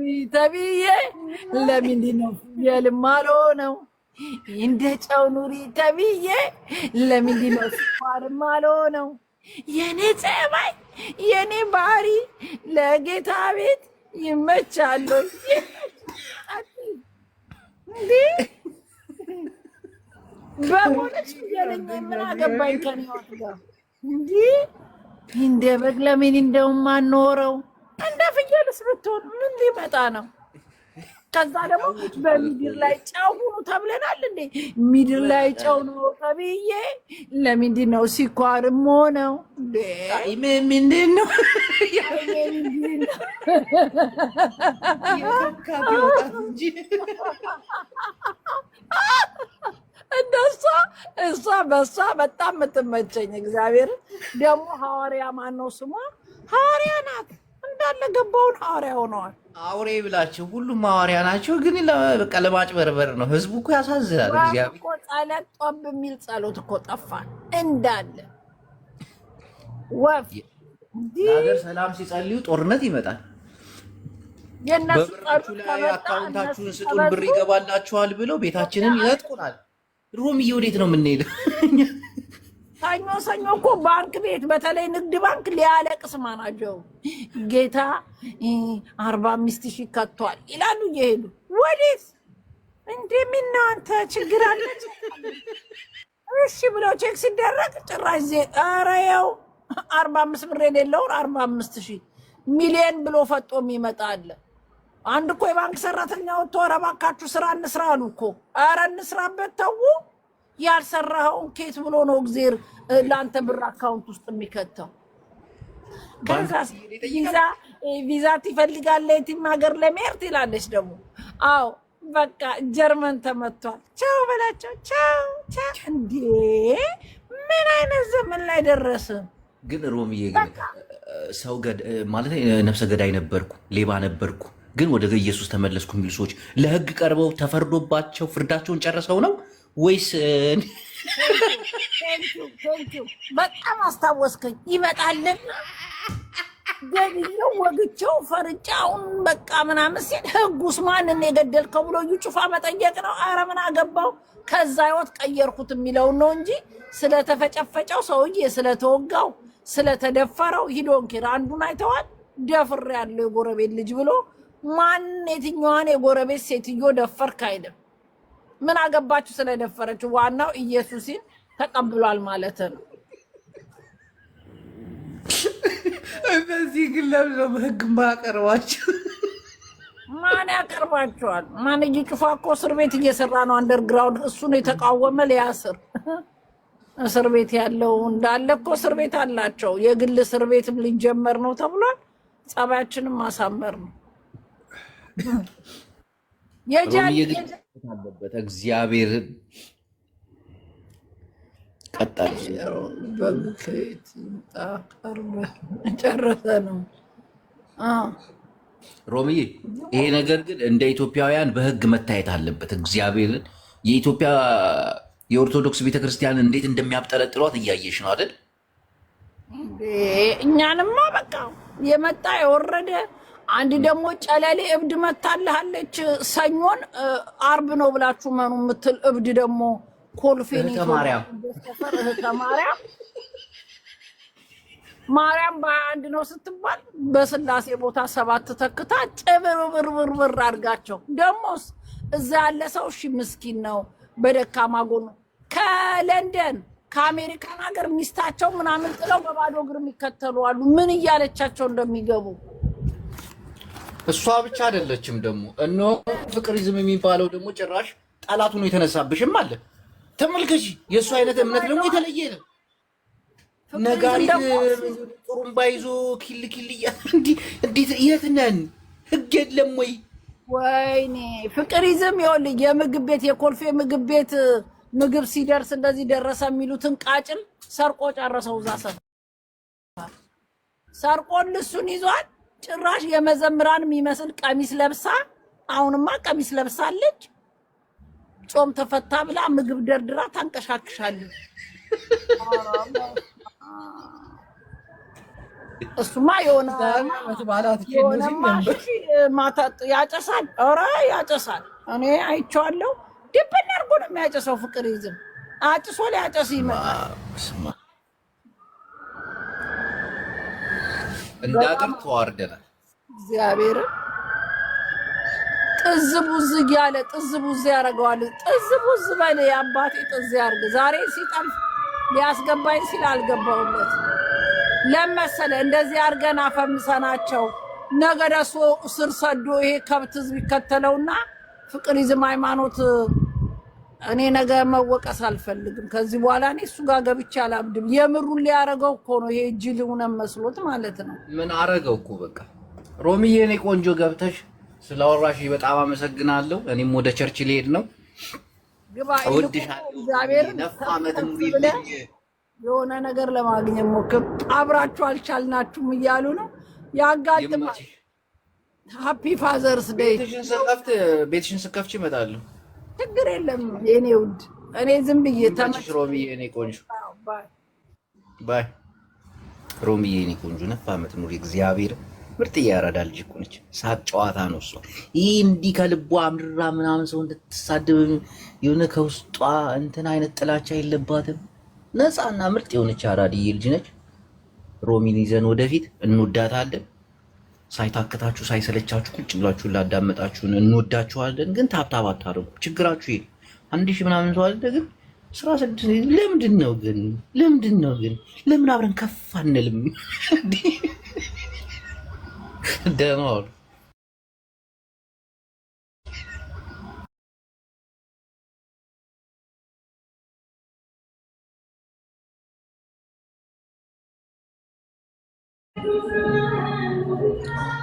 ኑሪ ተብዬ ለምንድን ነው ፍየል ማልሆነው? እንደ ጨው ኑሪ ተብዬ ለምንድን ነው ስኳር ማልሆነው? የኔ ጸባይ የኔ ባህሪ ለጌታ ቤት ይመቻሉ። በሞለች ምን አገባኝ ከኔ ወት ጋር እንዲህ እንደ በግ ለምን እንደውም አኖረው ብትሆን ምን ሊመጣ ነው? ከዛ ደግሞ በሚድር ላይ ጨው ሁኑ ተብለናል እንዴ? ሚድር ላይ ጨው ነው ተብዬ ለምንድን ነው ሲኳርሞ ነው ምንድን ነው እንደሷ እሷ በሷ በጣም የምትመቸኝ እግዚአብሔር ደግሞ ሐዋርያ ማን ነው ስሟ? ሐዋርያ ናት። የሚገባውን ሐዋርያ ሆነዋል። አውሬ ብላቸው ሁሉም ሐዋርያ ናቸው፣ ግን በቃ ለማጭበርበር ነው። ህዝቡ እኮ ያሳዝናል። ጸሎት ጦብ የሚል ጸሎት እኮ ጠፋን እንዳለ ወፍ ሀገር ሰላም ሲጸልዩ ጦርነት ይመጣል። በብራችሁ ላይ አካውንታችሁን ስጡን ብር ይገባላችኋል ብለው ቤታችንን ይነጥቁናል። ሮምዬ ወዴት ነው የምንሄደው? ሰኞ ሰኞ እኮ ባንክ ቤት በተለይ ንግድ ባንክ ሊያለቅስ ማናጀሩ ጌታ አርባ አምስት ሺህ ከቷል ይላሉ እየሄዱ ወዴት እንደሚናንተ ችግር አለ። እሺ ብለው ቼክ ሲደረግ ጭራሽ ዜ ኧረ ያው አርባ አምስት ብር የሌለው አርባ አምስት ሺህ ሚሊየን ብሎ ፈጦ የሚመጣ አለ። አንድ እኮ የባንክ ሰራተኛ ወጥቶ ኧረ እባካችሁ ስራ እንስራ አሉ እኮ ኧረ እንስራበት ተዉ ያልሰራኸውን ኬት ብሎ ነው እግዜር ለአንተ ብር አካውንት ውስጥ የሚከተው? ቪዛ ቪዛ ትፈልጋለህ የትም ሀገር ለመሄድ ትላለች። ደግሞ አዎ በቃ ጀርመን ተመቷል። ቻው በላቸው። ቻው ቻው። እንዴ ምን አይነት ዘመን ላይ ደረስን? ግን ሮምዬ ሰው ማለት ነፍሰ ገዳይ ነበርኩ፣ ሌባ ነበርኩ፣ ግን ወደ ኢየሱስ ተመለስኩ የሚሉ ሰዎች ለህግ ቀርበው ተፈርዶባቸው ፍርዳቸውን ጨርሰው ነው ወይስ በጣም አስታወስከኝ። ይመጣልና ገድየው ወግቸው ፈርጫውን በቃ ምናምን ሲል ህጉስ ማንን የገደልከው ብሎ እዩ ጩፋ መጠየቅ ነው። አረ ምን አገባው ከዛ ህይወት ቀየርኩት የሚለውን ነው እንጂ ስለተፈጨፈጨው ሰውዬ ስለተወጋው ስለተደፈረው ሂዶን ኪራ አንዱን አይተዋል። ደፍር ያለው የጎረቤት ልጅ ብሎ ማን የትኛዋን የጎረቤት ሴትዮ ደፈርክ አይልም። ምን አገባችሁ ስለደፈረችው። ዋናው ኢየሱስን ተቀብሏል ማለት ነው። በዚህ ግን ለምነው በህግ ማቀርባቸው ማን ያቀርባቸዋል? ማን እየጩፋ እኮ እስር ቤት እየሰራ ነው አንደርግራውንድ። እሱን የተቃወመ ሊያስር እስር ቤት ያለው እንዳለ እኮ እስር ቤት አላቸው። የግል እስር ቤትም ሊጀመር ነው ተብሏል። ጸባያችንም ማሳመር ነው። አለበት እግዚአብሔር ቀጠል ነው ሮሚዬ። ይሄ ነገር ግን እንደ ኢትዮጵያውያን በህግ መታየት አለበት። እግዚአብሔርን የኢትዮጵያ የኦርቶዶክስ ቤተክርስቲያንን እንዴት እንደሚያብጠለጥሏት እያየሽ ነው አይደል? እኛንማ በቃ የመጣ የወረደ አንድ ደግሞ ጨለሌ እብድ መታልሃለች። ሰኞን አርብ ነው ብላችሁ መኑ የምትል እብድ ደግሞ ኮልፌን ማርያም ማርያም ነው ስትባል በስላሴ ቦታ ሰባት ተክታ ጭብርብርብርብር አድርጋቸው። ደግሞስ እዛ ያለ ሰው እሺ ምስኪን ነው በደካማ ጎኑ ከለንደን ከአሜሪካን ሀገር ሚስታቸው ምናምን ጥለው በባዶ እግር የሚከተሉ አሉ። ምን እያለቻቸው እንደሚገቡ እሷ ብቻ አይደለችም። ደግሞ እነ ፍቅሪዝም የሚባለው ደግሞ ጭራሽ ጠላት ሆኖ የተነሳብሽም አለ። ተመልከሽ፣ የእሱ አይነት እምነት ደግሞ የተለየ ነው። ነጋሪት ጥሩምባ ይዞ ኪል ኪል እንዴት የት ነን? ህግ የለም ወይ? ወይኔ ፍቅሪዝም ይሆል የምግብ ቤት የኮልፌ ምግብ ቤት ምግብ ሲደርስ እንደዚህ ደረሰ የሚሉትን ቃጭል ሰርቆ ጨረሰው። እዛ ሰፈር ሰርቆን ልሱን ይዟል። ጭራሽ የመዘምራን የሚመስል ቀሚስ ለብሳ አሁንማ ቀሚስ ለብሳለች። ጾም ተፈታ ብላ ምግብ ደርድራ ታንቀሻክሻለች። እሱማ የሆነ ማታ ያጨሳል፣ ኧረ ያጨሳል። እኔ አይቼዋለሁ። ድብን አድርጎ ነው የሚያጨሰው። ፍቅር ይዝም አጭሶ ሊያጨስ ይመጣል። እንደ ሀገር ተዋርደናል። እግዚአብሔር ጥዝ ቡዝ እያለ ጥዝ ቡዝ ያደርገዋል። ጥዝ ቡዝ በል የአባቴ ጥዝ ያርግ። ዛሬ ሲጠልፍ ሊያስገባኝ ሲል አልገባውለት ለመሰለ እንደዚህ አድርገን አፈምሰናቸው። ነገ ስር ሰዶ ይሄ ከብት ህዝብ ይከተለውና ፍቅር ይዝም ሃይማኖት እኔ ነገ መወቀስ አልፈልግም። ከዚህ በኋላ እኔ እሱ ጋር ገብቼ አላብድም። የምሩን ሊያረገው እኮ ነው ይሄ እጅ ሆነን መስሎት ማለት ነው። ምን አረገው እኮ በቃ። ሮሚዬ እኔ ቆንጆ ገብተሽ ስለወራሽ በጣም አመሰግናለሁ። እኔም ወደ ቸርች ሊሄድ ነው። የሆነ ነገር ለማግኘት ሞክር። አብራችሁ አልቻልናችሁም እያሉ ነው ያጋጥማል። ሀፒ ፋዘርስ ቤትሽን ስከፍች ይመጣለሁ ችግር የለም የኔ ውድ። እኔ ዝም ብዬ ተመችሽ። ሮምዬ የኔ ቆንጆ ባይ ሮምዬ የኔ ቆንጆ ነፍ ዓመት ኑሪ። እግዚአብሔር ምርጥ እያረዳ ልጅ እኮ ነች። ሳቅ ጨዋታ ነው እሷ። ይህ እንዲህ ከልቧ አምርራ ምናምን ሰው እንድትሳደብ የሆነ ከውስጧ እንትን አይነት ጥላቻ የለባትም። ነፃና ምርጥ የሆነች አራድዬ ልጅ ነች። ሮሚን ይዘን ወደፊት እንወዳታለን። ሳይታክታችሁ ሳይሰለቻችሁ ቁጭ ብላችሁ ላዳመጣችሁን እንወዳችኋለን። ግን ታብታብ አታደርጉ። ችግራችሁ ይሄ አንድ ሺህ ምናምን ሰው አለ። ግን ስራ ስድስት ለምንድን ነው ግን ለምንድን ነው ግን ለምን አብረን ከፍ አንልም? ደህና ዋሉ። Thank you. 啊。